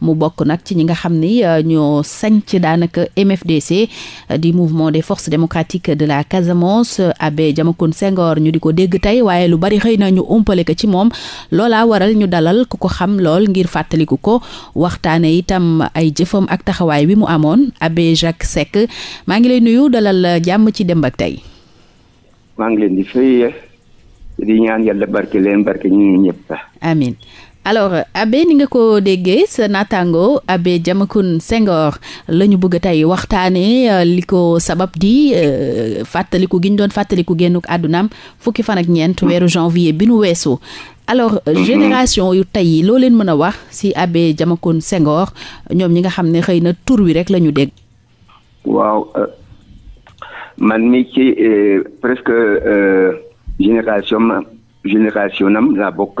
mu bokk nag ci ñi nga xam ni euh, ñoo sanc daanaka MFDC euh, di mouvement des forces démocratiques de la Casamance euh, Abbé Diamecoune Senghor ñu di ko dégg tey waaye lu bari xëy na ñu umpale ko ci moom loola waral ñu dalal ku ko xam lool ngir fàttaliku ko waxtaane itam ay jëfam ak taxawaay bi mu amoon Abbé Jacques Seck maa ngi lay nuyu dalal jàmm ci Demb ak Tay maa ngi leen di fay di ñaan yàlla barke leen barke ñu ñëpp. amiin alors Abbé ni nga ko déggee sa naataango Abbé jamakon sengoor la ñu bëgg tey waxtaanee euh, li ko sabab di euh, fàttaliku gi ñu doon fàttaliku génnuk àddunaam fukki fan ak ñeent weeru janvier bi nu weesu alors euh, mhm. génération yu tey yi loo leen mën a wax si Abbé Diamecoune Senghor ñoom ñi nga xam ne xëy na tur wi rek lañu ñu dégg. waaw man mi ci presque génération génération laa bokk.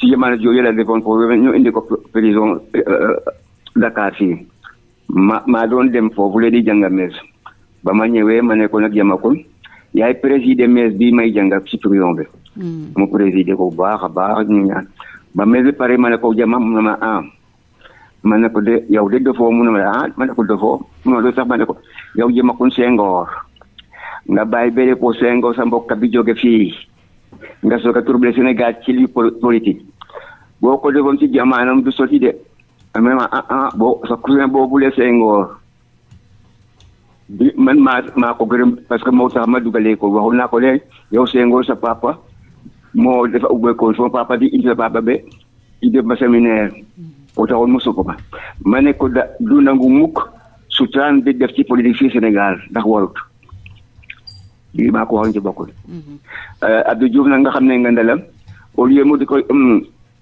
si jamono jooju la defoon foofu ñu indi ko prison euh, dakaar fii ma maa doon dem foofu la di jànga mees ba ma ñëwee ma nekkoon ak Yamakul yaay président mees bi may jànga ci prison bi. Hmm. mu bu baax a baax ñu ba mees bi ma ne ko jama mu ne ma ah ma ne ko de yow de defoo mu ne ma ah ma ne ko defoo ma ne sax ma ne ko yow Yamakul Senghor nga bàyyi bëri ko Senghor sa mbokk bi joge fii nga soog a trouble Sénégal ci li politique boo ko defoon ci jamaanam du sotti de ah, même ah ah boo sa cousin boobu la Senghor bi man maa maa ko gërëm parce que moo tax ma dugalee ko waxoon naa ko léegi yow Senghor sa papa moo dafa ubbeekoon sama papa di indi sa papa be indi ma séminaire boo taxoon mosu ma ma da du nangu mukk sutaan bi def ci politique fii Sénégal ndax warut lii maa ci bokkul mhm. euh, Abdou Diouf nag nga xam ne nga ndelam au lieu mu di koy hmm,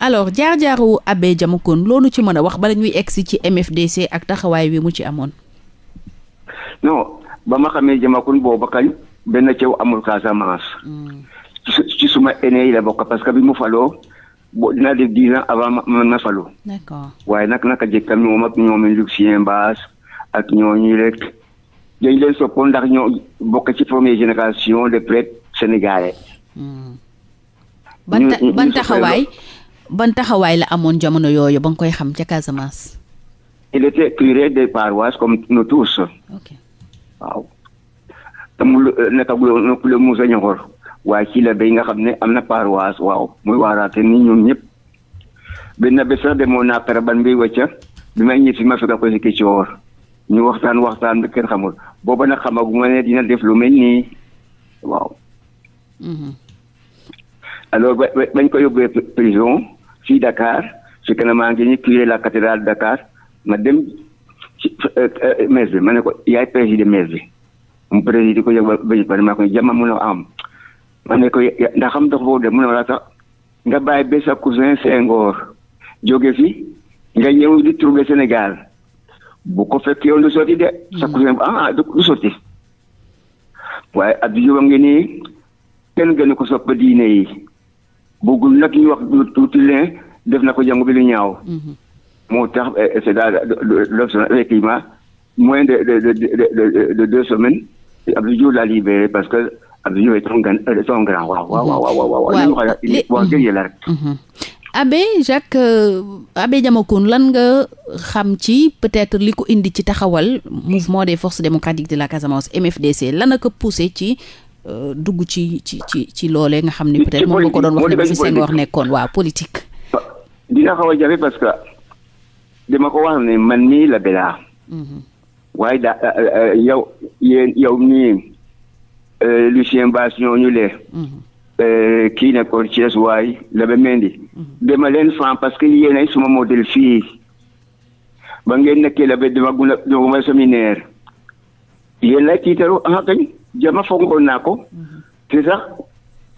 alors jaar-jaaru Abbé Diamecoune loolu ci mën a wax bala ñuy egsi ci MFDC ak taxawaay wi mu ci amoon. non ba ma xamee Diamecoune boobu kañ benn cew amul Casamance. Hmm. ci suma aîné yi la bokk parce que bi mu faloo bo dinaa def dix ans avant ma ma d'accord waaye nag naka jëkk ñoom ak ñoom Lucien Baas ak ñooñu rek dañ leen soppoon ndax ñoo bokk ci première génération de prêtres sénégalais. Hmm. ban taxawaay ban taxawaay la amoon jamono yooyu ba nga koy xam ca Casamance. il était curé des paroisses comme nous tous. ok waaw. te mu nekkaguloo nekkule Moussa Niakhor waaye ci la bay nga xam ne am na paroisse waaw muy waaraate ni ñun ñëpp. benn bés sax demoon naa Paraban bi wëcca bi may ñëw si ma fekk ko si kii ci woor ñu waxtaan waxtaan bi kenn xamul booba nag xamaguma ne dina def lu mel nii waaw. Mhm. alors ba bañ ko yóbbee prison. fii Dakar su fekkee ne maa ngi ñu curé la cathédrale Dakar ma dem ci euh, euh, bi ma ne ko yaay président messe bi mu président ko yëg mun a am ma ne ko ndax xam dox boobu de mun a wala sax nga bàyyi ba sa cousin Senghor jóge fi nga ñëw di trouble Sénégal bu ko fekkee yoon du sotti de sa mm-hmm. cousin ah, ah du sotti waaye Abdou Diouf ngi nii kenn gënu ko sopp diine yi bëggul nag ñu wax du tuuti def na ko jàngu bi lu ñaaw. Mhm. moo tax eh, eh, SEDA l'option climat moins de de de de deux semaines Abdou Diouf l'a libéré parce que Abdou Diouf est son grand euh, son grand waaw waaw waaw waaw. waaw gën la rek. Abbé Jacques euh, Abbé Diamecoune lan nga xam ci peut-être li ko indi ci taxawal mouvement des forces démocratiques de la Casamance MFDC lan la ko poussé ci euh, dugg ci ci ci ci loolee nga xam ne peut-être moom nga ko doon wax ne ba fi seen wax nekkoon waaw politique. dina xaw a jafe parce que dima ko wax ne man nii la belaa mhm. waaye da euh, euh, euh, yow yéen yow mii Lucien Baas ñooñu le mhm. kii nekkoon Thiès waay la ba mendi mhm. dama parce que yéenay suma modèle fii ba ngeen nekkee la ba dama guna dama séminaire yéen lay tiitaru ah kañ jama fongoon naa ko te sax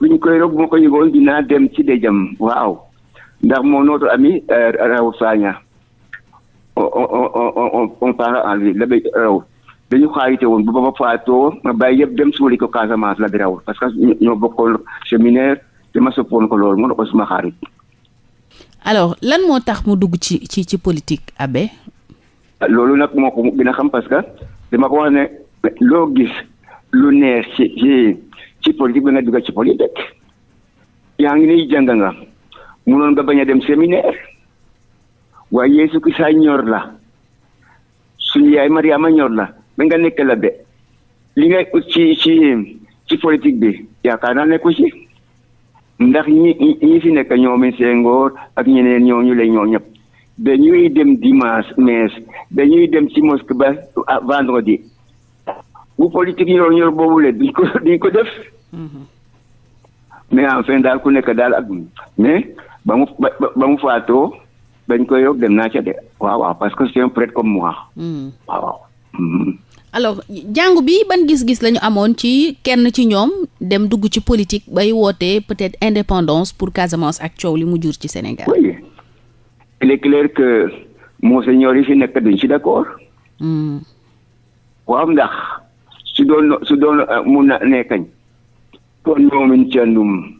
buñ koy rob bu ma ko yëgoon dinaa dem ci de jam waaw Dans mon autre ami, euh, on, parle en lui, parce que de alors tax mu dugg ci ci politique que politique politique mënoon nga bañ a dem séminaire waaye Yeesu ki saa ñor la suñu yaay Mariama ñor la ba nga nekk la be li ngay ci ci ci politique bi yaakaar naa nekku ci ndax ñi ñi fi nekk ñoomi Senghor ak ñeneen ñooñu la ñoo ñëpp dañuy dem dimanche mais dañuy dem ci mosquée ba ah, vendredi bu politique ñor ñor boobu le duñ ko duñ ko def mm-hmm. mais enfin daal ku nekk daal ak ba mu ba mu faatoo dañ koy yokk dem naa ca de waaw waaw parce que c'est un prêtre comme moi. Hmm. waaw waaw. Hmm. jàngu bi ban gis-gis lañu amoon ci kenn ci ñoom dem dugg ci politique bay wootee peut-être indépendance pour Casamance ak coow li mu jur ci Sénégal. oui yi fi nekk duñ ci d'accord. Hmm. waaw ndax si doon su doon euh, mun na nekkañ. kon ñoomin candum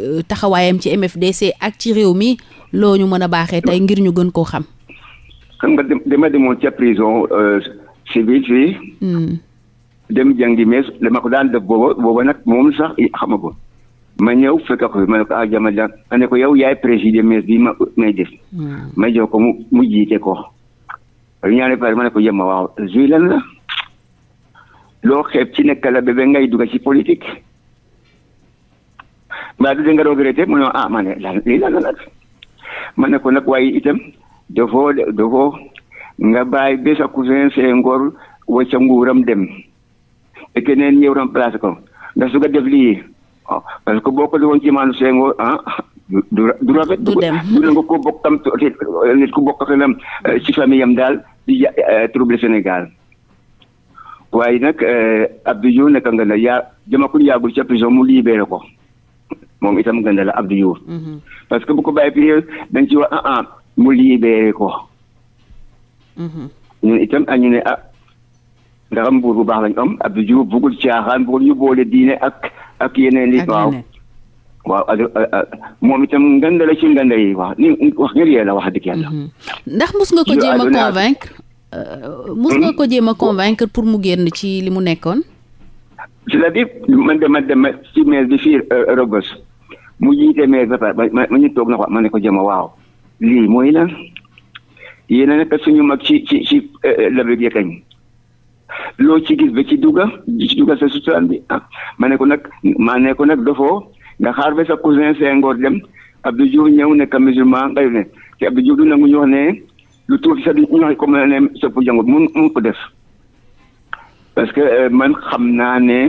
Euh, taxawayam ci MFDC ak ci réew mi loo ñu mën ngir ñu gën koo xam. prison euh, civile fii. Hmm. dem jàngi mais dama ko daan def booba booba nag moom sax ma ma ne ko ah, yaay mais bi ma may def. Hmm. ma jox mu mu ko. ko la. loo xeeb ci la politique. maa du dee nga doog regretté mu ne ah man de lan ko nag waaye itam dafoo dafoo nga bàyyi ba sa cousin see ngor wacca nguuram dem te keneen ñëw remplacé ko ndax su nga def lii oh, parce que boo ko doon jimaanu see ngor ah du du rafet. du dem ko bokkam eh, ci famille am daal eh, trouble Sénégal waaye nag eh, Abdou Diouf nekk nga ne yaa jëmakul yàggul ca prison mu libéré ko. moom itam gën la Abdou Diouf. Mhm. parce que bu ko bàyyi fii dañ ci wax ah ah mu libéré ko. Mhm. itam ah, ñu ne ah ndax am bu baax lañ am Abdou Diouf bëggul caaxaan bëggul ñu boole diine ak ak yeneen li waaw waaw ah, ah, moom itam nganda la ci nganda yi wax ni wax ngir la wax di yàlla. Mhm. ndax mus nga ko jéem a euh, hmm? ko jéem a pour mu génn ci li mu nekkoon. cest la dire man de man de ma ci maire bi fii euh, Rogos. mu jiite maire ba pare ma ñu toog na ko ma ne ko jama waaw lii mooy lan yéen a nekk suñu mag ci ci ci euh, euh, labeg loo ci gis ba ci duga ci duga sa suturaan bi ah ma ne ko nag maa ne nag dofoo nga xaar ba sa cousin Senghor dem Abdou Diouf ñëw nekk musulman ngayu ne te Abdou Diouf du nangu ñu ne lu tuuti sax du ñu wax comme ne sopp jàngut mun mun ko def parce que euh, man xam naa ne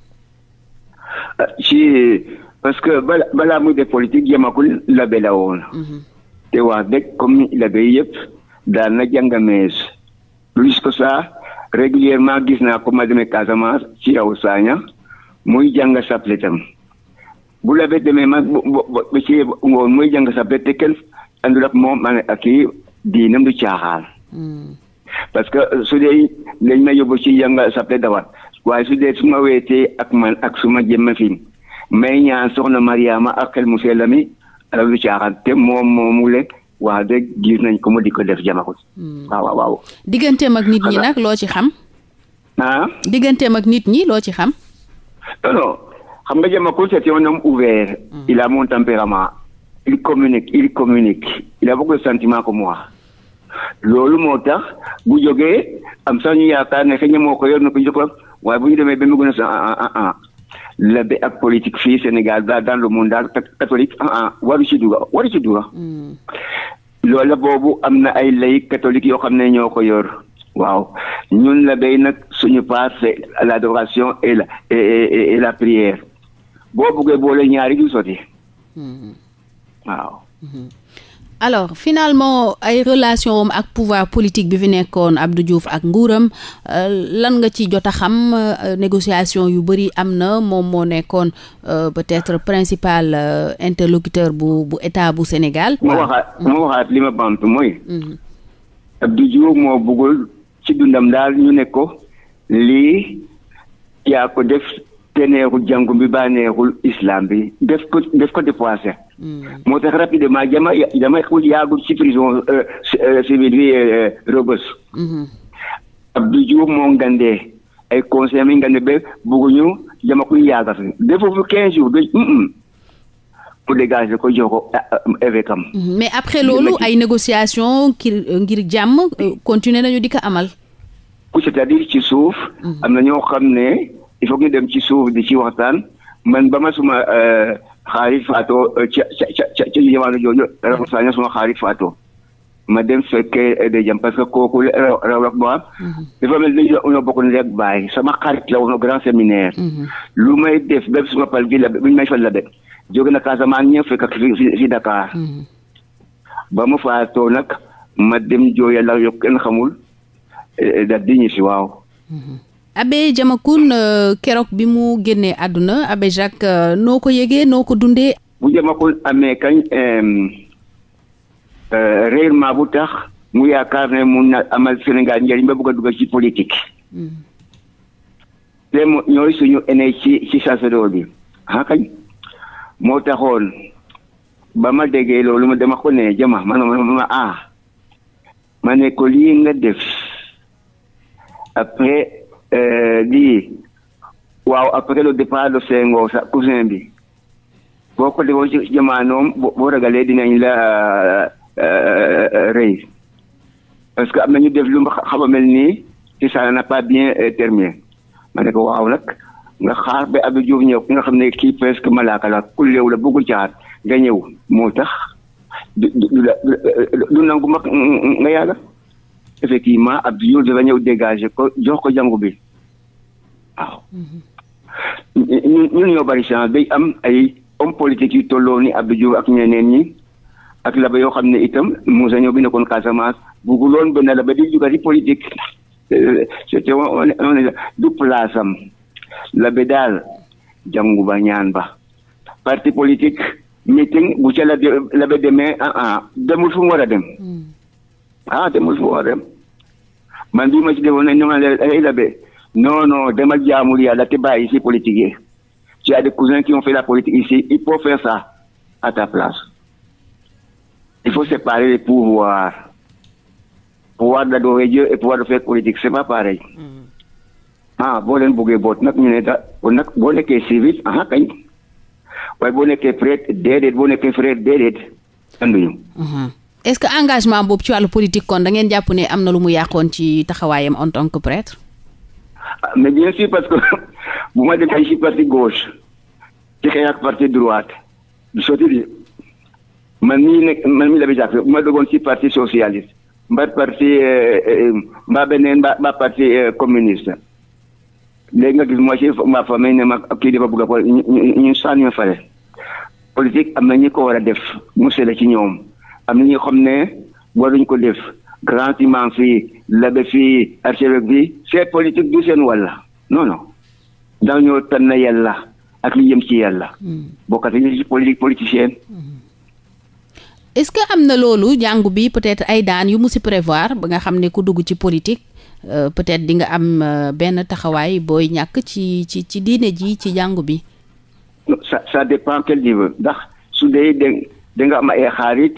ci euh, parce que bala balaa muy def politique yemakul labe la woon mhm. te wax dëgg comme labe yëpp daan na mees plus que ça régulièrement gis naa ko ma demee Casamance ci raw saaña muy jàng saple bu labe demee ma ba ci ngoon muy jàng saple te kenn àndul ak moom ak kii diinam du caaxaan mhm. parce que su dee dañ ma yóbbu ci jàng saple dawat waaye su dee su ma weetee ak man ak su ma jëmm fi may ñaan soxna Mariama akel monsieur lami sell mi alal lu caaxaan te moom moomu le waa de gis nañ ko mu di ko def jamakut. Hmm. waaw waaw waaw. digganteem ak nit ñi nag loo ci xam. ah. digganteem ak nit ñi loo ci xam. non non xam nga jamakut c'est un homme ouvert. Hmm. il a mon tempérament. il communique il communique il a beaucoup de sentiments comme moi. loolu moo tax bu jógee am sax ñu yaakaar ne xëy na moo ko yor na ko waaye bu ñu demee ba mu gën a sa ah, ah, ah, ah labe ak politique fii Sénégal daal dans le monde daal catholique ah waru ci duga waru ci duga hmm. loola boobu am na ay lay catholique yoo xam ne ñoo ko yor waaw ñun la béy nag suñu part la l'adoration e la et, la prière boo buggee boole ñaari du sotti hmm. waaw. Hmm. alors finalement ay relation ak pouvoir politique bi fi nekkoon Abdou Diouf ak ngouram euh, lan nga ci jot xam euh, négociation yu bari amna mom mo moo euh, peut-être principal interlocuteur bu bu état bu Sénégal. mo waxaat ma waxaat lima ma bant mooy. Mhm. Abdou Diouf mo bëggul ci dundam dal ñu ne ko lii yaa ko def te neexul jàngu bi baa islam bi def ko def ko dépassé. Hmm. moo tax rapidement jama dama yaagul ci prison euh, euh, civile bi euh, Rebeuss. Hmm. Abdou Diouf moo ngandee ay conseil mi ngande be bëgguñu jama kuy yaga fi defu fu quinze jours de mm, mm. mu dégager ko jox ko ah, ah, hmm. mais après lolu ay négociation ngir ngir jàmm continuer nañu di ko amal. c'est-à-dire ci souf amna ñoo xamné il faut que ñu dem ci suuf di ci waxtaan man ba ma suma euh, xarit faatoo euh, ca ca ca ca jamono jooju raw suma xarit faatoo ma dem fekkee de jam parce que kooku raw raw ak moo mhm. dafa mel ni dañoo bokk rek bàyyi sama xarit la woon grand séminaire. Mhm. lu may def bépp suma pal gi la buñ may fal la be jóge na Casamance ñëw fekk fi Dakar. Mhm. ba mu faatoo nag ma dem jooyal ak yokk xamul eh, eh, da di ñu waaw. Abbé Diamecoune euh, keroog bi mu génnee àdduna Abbé Jacques euh, noo ko yëgee noo ko dundee. bu Diamecoune amee kañ euh, réellement bu tax mu yaakaar ne mun na amal Sénégal njëriñ ba bëgg a dugg ci politique. Hmm. te ñooy suñu aîné ci ci sacerdoce bi ah kañ moo taxoon ba ma déggee loolu ma dama ko ne jama ma ma ah ma ne ko lii nga def après. Eh, di waaw après le départ de Senghor sax cousin bi boo ko defoo ci jamaanoom boo ragalee dinañ la eh, eh, rey parce que am na ñu def lu ma xaw a mel nii ci n'a pas bien terminé ma ne ko waaw nag nga xaar ba Abdou Diouf ñëw ki nga xam ne kii presque malaaka la ku léew la bëggul caar nga ñëw moo tax du du du nangu mag nga yàlla. effectivement Abdou Diouf dafa ñëw dégagé ko jox ko jàngu bi waaw. ñun ñun ñoo bari chance day am ay homme politique yu tolloo ni Abdou ak ñeneen ñi ak laba yoo xam ne itam Moussa ñëw bi nekkoon Casamance bugguloon benn laba di jugati politique euh, c'était du place am daal jàngu ba ñaan ba parti politique meeting bu ca labe demee ah ah demul fu mu war a dem. Hmm. ah de mon dem mais bii je ci defoon à ñu non, non, non non dama jaamul yàlla pas ici politique tu as des cousins qui ont fait la politique ici il faut faire ça à ta place il faut séparer les pouvoirs pouvoir d'adorer Dieu et pouvoir de faire politique c'est pas pareil. Mm. ah bon, leen bëggee boot nag ñu ne da nag civil ah kañ prêt. boo nekkee prêtre déedéet prêt. nekkee frère déedéet est-ce que engagement boobu ci wàllu politique kon da ngeen jàpp ne am na lu mu yàqoon ci taxawaayam en tant que prêtre. ah mais bien sûr parce que bu ma defee parti gauche ci xëy ak parti droite du sotti bi man mii nekk la bi jàppee bu ma dogoon ci parti socialiste mbaa parti euh, euh, mbaa beneen mbaa parti euh, communiste léegi nga gis mooy ci ma famille ne ma kii dafa a ñu ñu ñu sànni fale politique am na ñi ko war a def mu sele ci ñoom. am na ñoo xam ko def grand imam fii labe fii archevêque bi c'est politique du seen walla non non dañoo tànn yàlla ak li jëm ci yàlla. Hmm. bokkati ñu ci politique hmm. est-ce que am na loolu jàngu bi peut-être ay daan yu mu si prévoir ba nga xam ne ku dugg ci politique euh, peut-être di nga am euh, benn taxawaay booy ñàkk ci ci ci diine ji ci jàngu bi. ça ça dépend ndax su dee da nga am ay xarit.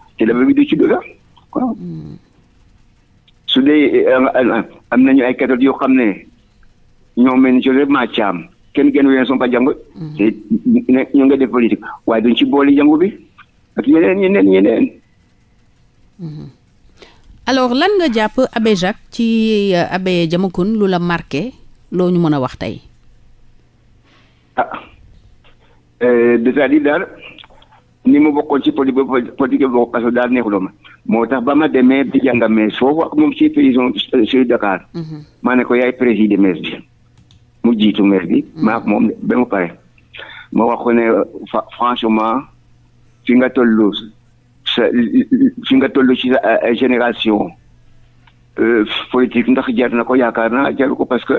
élèves bi du ci dëgg su dee am nañu ay catholiques yoo xam ne ñoo mel ni jëlee maa caam kenn genn ween son pa jàng mm. ñu nga def politique waaye duñ ci boole jàngu bi ak yeneen yeneen yeneen mm-hmm. alors lan nga jàpp abbé Jacques ci euh, abbé Diamecoune lu la marqué loo ñu mën a wax tey ah euh, cest à daal ni mo bokkoon ci poli politique bokk kaso daal neexu ma motax bama demé bi demee di jànga mees foofu ci prison ci Dakar mhm. mané ko yaay président mees bi mu jitu mees bi mhm. ma ak moom ba mo pare ma wax ko né franchement fi nga tollu fi nga tollu ci sa euh, génération euh, politique ndax jar na ko yaakaar jaru ko parce que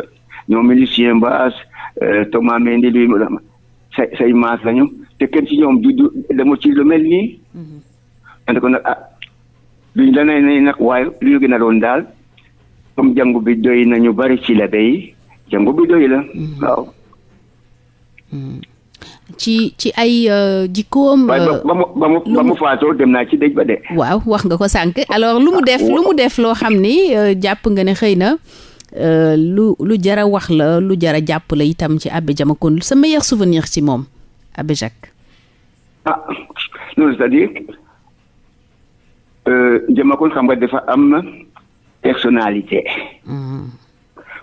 ñom milicien Baas euh, Thomas Mendy lui say say maas lañu te kenn ci ñoom du demul ci lu mel nii. man mm-hmm. ko nag ah duñ la lu ñu gën a doon daal comme jàngu bi doy nañu bari ci la bay jàngu bi doy la. Mm-hmm. waaw. Mm-hmm. ci ci ay uh, jikkoom. ba mu ba mu euh, ba mu faatoo dem naa ci dëj ba de. waaw wax nga ko sànq alors lu mu def lu mu def loo xam ni euh, jàpp nga ne xëy na. Euh, lu lu jar wax la lu jar a jàpp la itam ci Abbé Diama kon sa souvenir ci moom Abbé Jacques. ah loolu c'est-à-dire euh, Diamacoune xam nga dafa am personnalité. Mhm.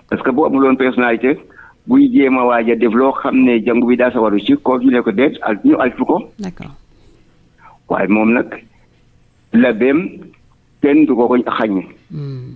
parce que boo amuloon personnalité buy jéem a def loo xam ne jàngu bi daa sawaru ci koo ñu ne ko déet al ñu altu ko. waaye moom nag la beem du ko ko xañ. Mhm.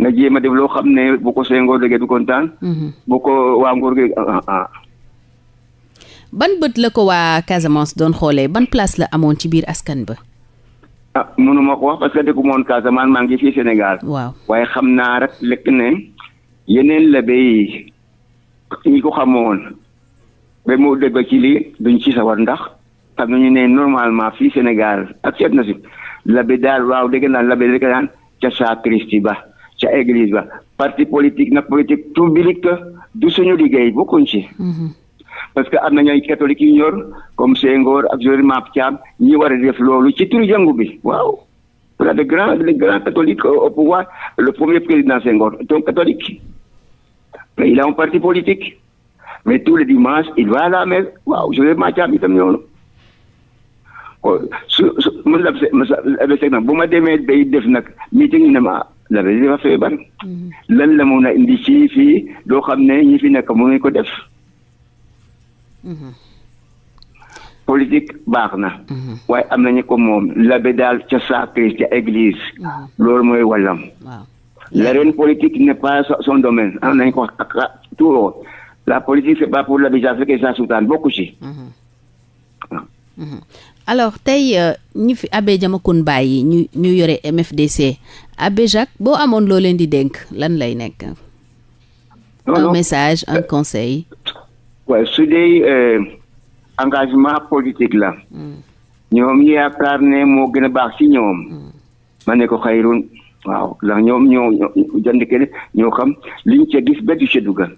nga jéem a def loo xam ne bu ko Senghor déggee du kontaan. Mhm. bu ko waa Ngor gi ah, ah, ah. ban bët la ko waa Casamance doon xoolee ban place la amoon ci biir askan ba. ah mënuma ko wax parce que dëkku moon Casamance maa ngi fii Sénégal. waaw waaye xam naa rek lekk ne yeneen la bay ñi ko xamoon ba moo dégg ci lii duñ ci sawar ndax xam nañu ne normalement fii Sénégal ak seet na si la daal waaw dégg naa la bi naan ca saa ba. ca église ba parti politique nag politique tout publique du suñu liggéey bokkuñ ci. Mhm. parce que amna ñoy catholique ñor comme Senghor ak Joël Map Thiam ñi wara a def loolu ci turu jàngu bi waaw. on de grand de grands catholiques au pouvoir le premier président Senghor donc catholique mais il a un parti politique mais tous les dimanches il va à la messe waaw Joël Map Thiam itam ñoonu su su monsieur le bu ma démé bay def nak meeting na ma la religion dafa feebar lan la mun indi ci fi do xam ñi fi nek mu ngi ko def mhm. politique baax na mhm. waaye am nañu ko moom labe ci sa sacristie ci église moy mhm. walam la l'arène politique n'est pas son domaine am nañu ko toujours la politique c'est pas pour la Diack fekk saa suutaan bokku ci Mhm. alors euh, fi abbé kun bay ñu MFDC abbé Jacques bo amon leen di denk un message un euh, conseil. Oui, su dee euh, engagement politique là. Mm. ñoom nous. baax ci ñoom. Mm. mané ko nous. waaw la ñoom ñoo ñoo xam liñ gis mm-hmm.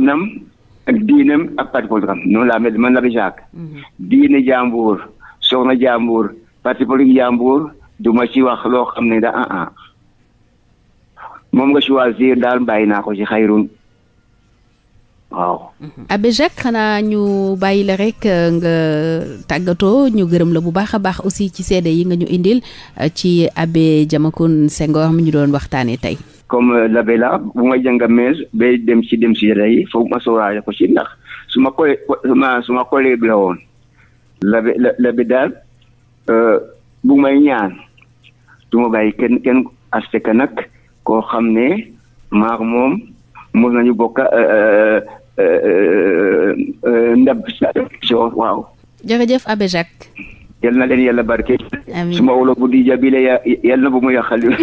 nous. ak diinam ak parti politique am noonu laa mel man la bi Jacques mhm. diine jàmbur soxna parti politique jàmbur du ci wax loo xam ne da ah ah moom nga choisir daal bàyyi naa ko ci xayrun waaw. Mhm. Abbé xanaa ñu bàyyi la rek euh, nga tàggatoo ñu gërëm la bu baax a baax aussi ci seede yi nga ñu indil euh, ci Abbé Diamecoune Senghor mi ñu doon waxtaanee tey. comme labe euh, la bu ma jàng mees dem ci dem si rey foog ma sóoraale ko ci ndax su ma collègue ma su ma collègue la woon daal euh, bu may ñaan du ma bàyyi kenn kenn aspect nag koo xam ne maar moom mos nañu bokka euh, ndab waaw jërëjëf Abbé Jacques يلنا لين يلا بارك سما ولو بودي ya, لي يلنا بومو يا خليل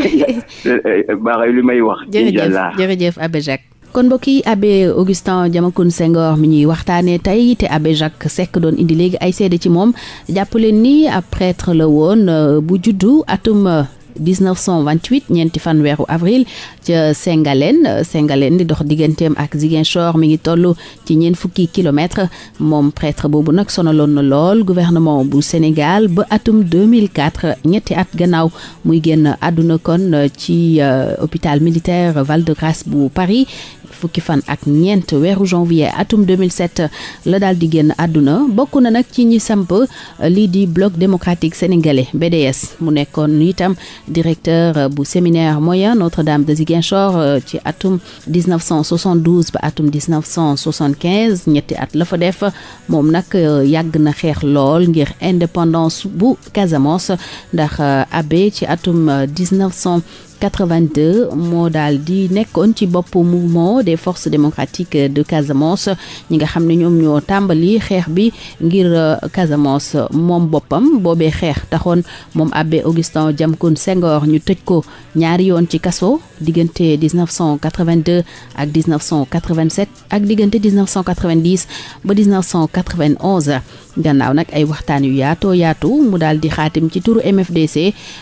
باغي لي ماي واخ جيف جيف جيف ابي جاك kon mbokk yi augustin jamakun senghor mi ñuy waxtaanee tey te abe jacques sekk doon indi léegi ay seede ci moom jàppaleen ni ab prêtre la woon euh, bu judd atum euh, 1928 ñeenti fan weeru avril ca Sengalène Sengalène di dox digganteem ak Ziguinchor mi ngi toll ci ñeent fukki kilomètre moom prêtre boobu nag sonaloon na lool gouvernement bu Sénégal ba atum 2004 ñetti at gannaaw muy génn àdduna kon ci euh, hôpital militaire Val-de-Grâce bu Paris fukki fan ak ñeent weeru janvier atum 2007 la daal di génn àdduna bokk na nag ci ñi samp euh, lii di bloc démocratique sénégalais BDS mu nekkoon itam directeur du euh, séminaire moyen Notre-Dame de Ziguinchor euh, ci atum 1972 ba atum 1975 ñetti at la fa def mom nak euh, yag na xex lool ngir indépendance bu Casamance ndax abbé ci atum 1900 82 mo dal di nekkon ci bopp mouvement des forces démocratiques de Casamance ñi nga xamni ñom ñoom ñoo tàmbali bi ngir euh, Casamance mom bopam bobé xex taxoon mom abbé Augustin Diamecoune Sengor ñu tejj ko ñaar yoon ci kasso diggante 1982 ak 1987 ak diggante 1990 ba 1991 gannaaw nak ay waxtaan yu yaatoo yaatu mu dal di xaatim ci turu MFDC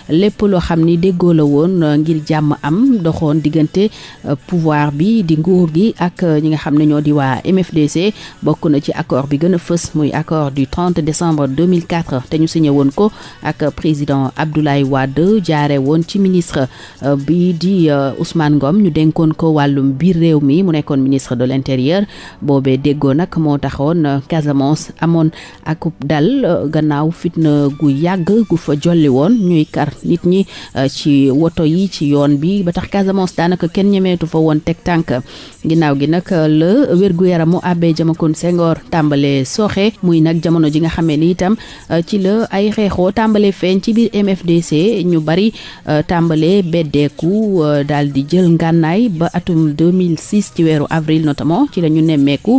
lepp lo xamni ni ngir jàmm am doxoon diggante euh, pouvoir bi di nguur gi ak euh, ñi nga xam ne ñoo di waa MFDC bokk na ci accord bi gën a fës muy accord du 30 décembre 2004 te ñu signé woon ko ak président Abdoulaye Wade jaare woon ci ministre euh, bi di Ousmane Ngom ñu dénkoon ko wàllum biir réew mi mu nekkoon ministre de l'intérieur boobee déggoon nag moo taxoon Casamance amoon ak dal gannaaw fitna gu yàgg gu fa jolli woon ñuy kar nit ñi ci woto yi ci yoon bi ba tax Casamance daanaka kenn ñemeetu fa woon teg tànk ginnaaw gi nag la wér-gu-yaramu Abbé Diamecoune Senghor tàmbalee sooxe muy nag jamono ji nga xamee ni itam euh, ci la ay xeexoo tàmbale feeñ ci biir MFDC ñu bari euh, tàmbale beddeeku euh, daal di jël ngànnaay ba atum 2006 ci weeru avril notamment ci la ñu nemmeeku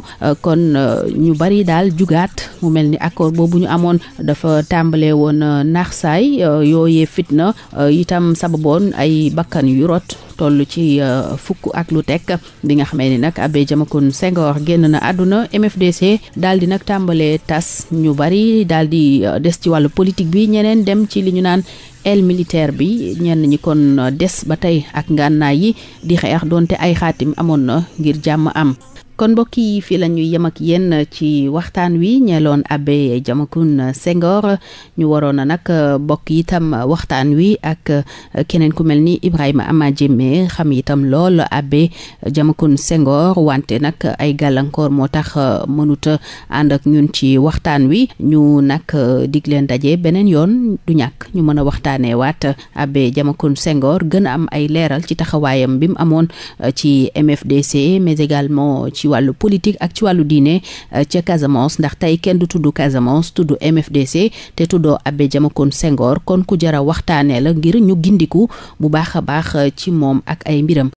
kon ñu bari daal jugaat mu mel ni accord boobu ñu amoon dafa tàmbale woon naax saay yooyee fitna itam sababoon ay ci bakkan yu rot ci euh, fukk ak lu tekk bi nga xamee ni nag abe Abbé Diamacoune Senghor génn na àdduna MFDC daal di nag tàmbalee tas ñu bari daal di euh, des ci wàllu politique bi ñeneen dem ci li ñu naan aile militaire bi ñenn ñi kon euh, des ba tey ak ngànnaay yi di xeex donte ay xaatim amoon na ngir jàmm am. kon mbokk yi fii la ñuy yem ci waxtaan wi ñeloon abbé Diamecoune sengoor ñu waroon a nag euh, bokk yitam waxtaan wi ak euh, keneen ku mel ni Ibrahima Ama Diémé xam itam lool abbé Diamecoune sengoor wante nag ay gàllankoor moo tax euh, mënuta ànd ak ñun ci waxtaan wi ñu nag dig daje beneen yoon du ñàkk ñu mën a waxtaanee waat abbé Diamecoune sengoor gën a am ay leeral ci taxawaayam bi mu amoon ci MFDC mais également ci wàllu politique ak ci wàllu diine euh, ca Casamance ndax tey kenn du tudd Casamance tuddu MFDC te tuddoo Abbé Diamecoune Senghor kon ku jara waxtaanee la ngir ñu gindiku bu baax a baax euh, ci moom ak ay mbiram